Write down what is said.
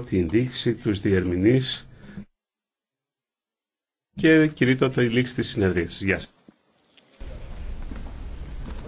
την ενδείξη τους διερμηνείς και κηρύττω το λήξη της συνεδρίας. Γεια σας.